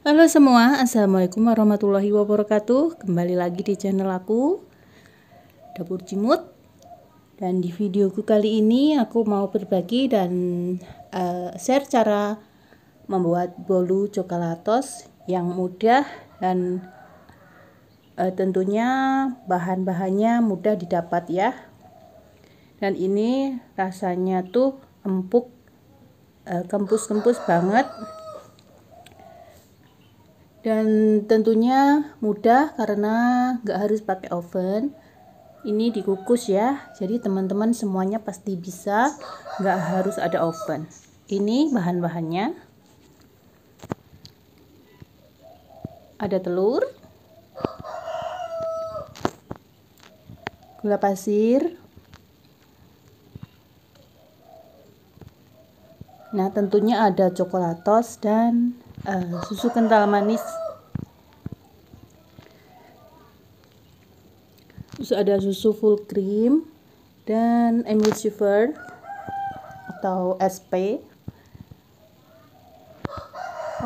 Halo semua, Assalamualaikum warahmatullahi wabarakatuh Kembali lagi di channel aku Dapur Cimut Dan di videoku kali ini aku mau berbagi dan uh, share cara membuat bolu coklatos yang mudah dan uh, tentunya bahan-bahannya mudah didapat ya dan ini rasanya tuh empuk eh, kempus-kempus uh, banget dan tentunya mudah karena nggak harus pakai oven ini dikukus ya jadi teman-teman semuanya pasti bisa nggak harus ada oven ini bahan-bahannya ada telur gula pasir nah tentunya ada coklatos dan Eh, susu kental manis terus ada susu full cream dan emulsifier atau SP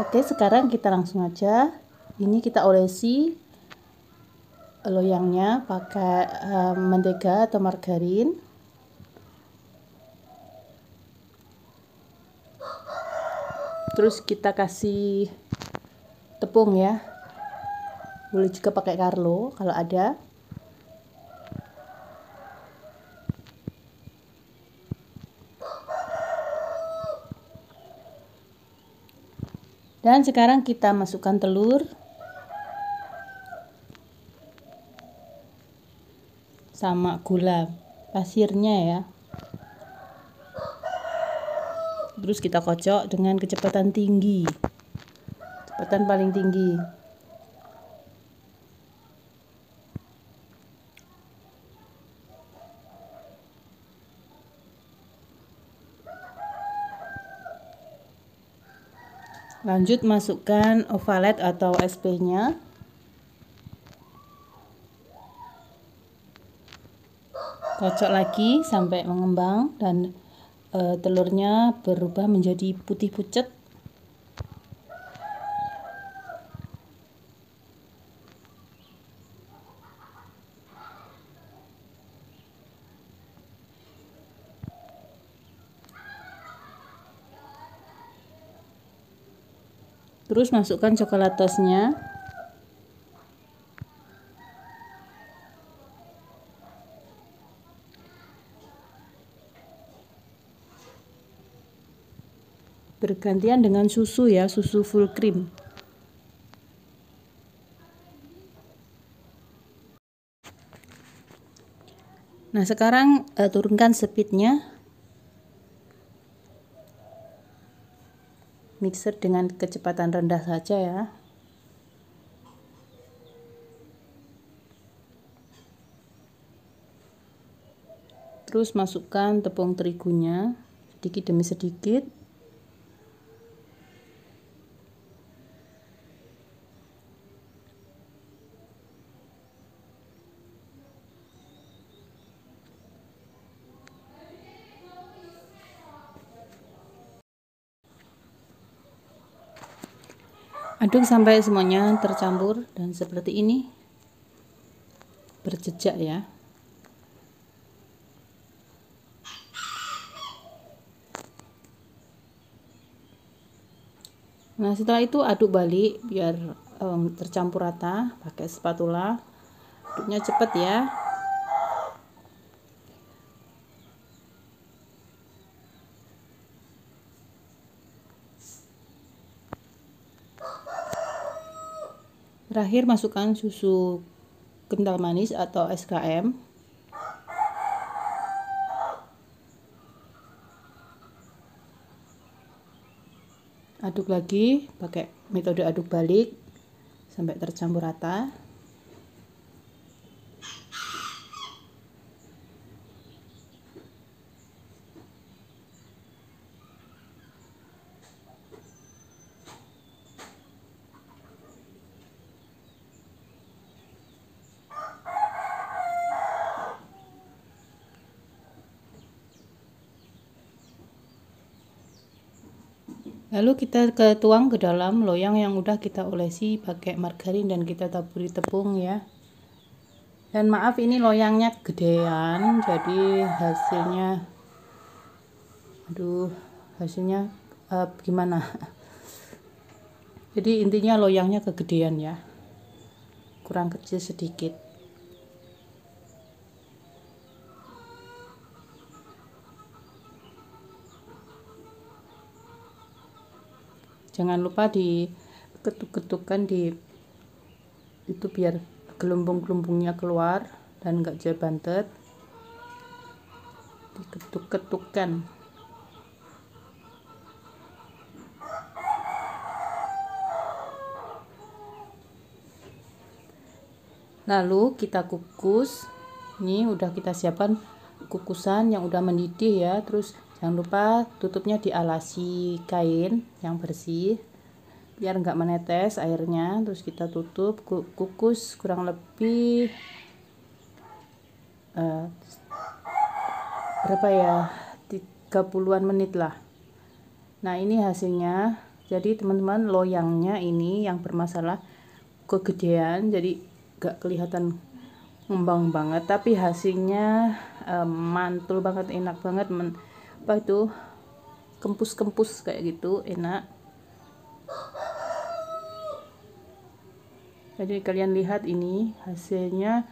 oke sekarang kita langsung aja ini kita olesi loyangnya pakai uh, mentega atau margarin terus kita kasih tepung ya boleh juga pakai Carlo kalau ada dan sekarang kita masukkan telur sama gula pasirnya ya terus kita kocok dengan kecepatan tinggi kecepatan paling tinggi lanjut masukkan ovalet atau SP nya kocok lagi sampai mengembang dan e, telurnya berubah menjadi putih pucat terus masukkan coklatosnya. tosnya bergantian dengan susu ya, susu full cream. Nah, sekarang uh, turunkan speednya. Mixer dengan kecepatan rendah saja ya. Terus masukkan tepung terigunya sedikit demi sedikit. aduk sampai semuanya tercampur dan seperti ini berjejak ya Nah, setelah itu aduk balik biar um, tercampur rata pakai spatula. Aduknya cepat ya. Terakhir masukkan susu kental manis atau SKM. Aduk lagi pakai metode aduk balik sampai tercampur rata. Lalu kita ke tuang ke dalam loyang yang udah kita olesi pakai margarin dan kita taburi tepung ya. Dan maaf ini loyangnya gedean jadi hasilnya aduh hasilnya uh, gimana? Jadi intinya loyangnya kegedean ya. Kurang kecil sedikit. jangan lupa diketuk-ketukkan di itu biar gelembung-gelembungnya keluar dan enggak jadi bantet diketuk-ketukkan lalu kita kukus ini udah kita siapkan kukusan yang udah mendidih ya terus jangan lupa tutupnya dialasi kain yang bersih biar enggak menetes airnya terus kita tutup kukus kurang lebih uh, berapa ya 30-an menit lah nah ini hasilnya jadi teman-teman loyangnya ini yang bermasalah kegedean jadi gak kelihatan ngembang banget tapi hasilnya uh, mantul banget enak banget men apa itu kempus-kempus kayak gitu enak jadi kalian lihat ini hasilnya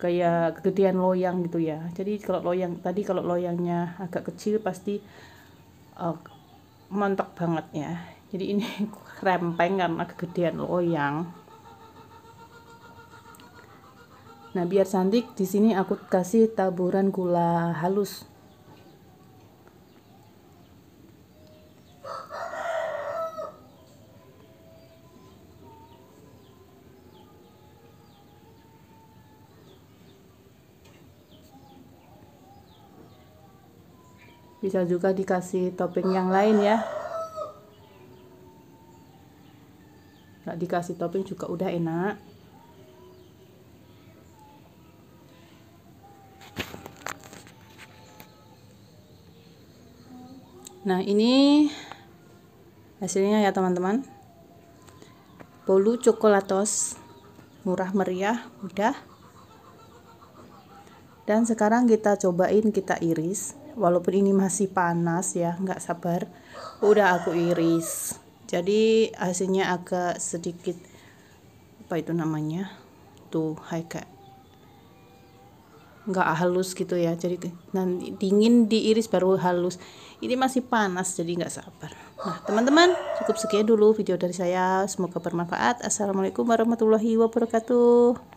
kayak kegedean loyang gitu ya jadi kalau loyang tadi kalau loyangnya agak kecil pasti uh, eh, mantap banget ya jadi ini rempeng karena kegedean loyang nah biar cantik di sini aku kasih taburan gula halus bisa juga dikasih topping yang lain ya nggak dikasih topping juga udah enak nah ini hasilnya ya teman-teman bolu coklatos murah meriah mudah dan sekarang kita cobain kita iris walaupun ini masih panas ya nggak sabar udah aku iris jadi hasilnya agak sedikit apa itu namanya tuh hai kayak nggak halus gitu ya jadi nanti dingin diiris baru halus ini masih panas jadi nggak sabar nah teman-teman cukup sekian dulu video dari saya semoga bermanfaat assalamualaikum warahmatullahi wabarakatuh